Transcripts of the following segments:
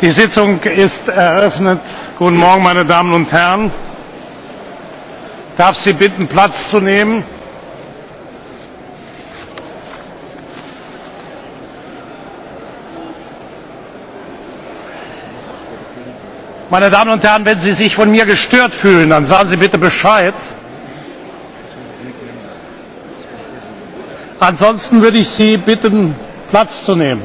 Die Sitzung ist eröffnet. Guten Morgen, meine Damen und Herren. Darf Sie bitten, Platz zu nehmen? Meine Damen und Herren, wenn Sie sich von mir gestört fühlen, dann sagen Sie bitte Bescheid. Ansonsten würde ich Sie bitten, Platz zu nehmen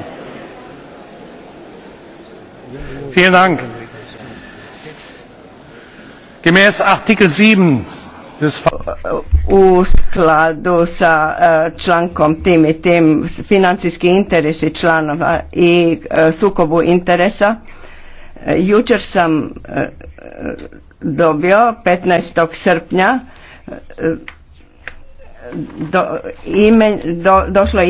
u skladu sa e, člankom tim i tim financijski interesi članova i e, sukobu interesa e, jučer sam dobio 15. srpnja do, ime, do, došlo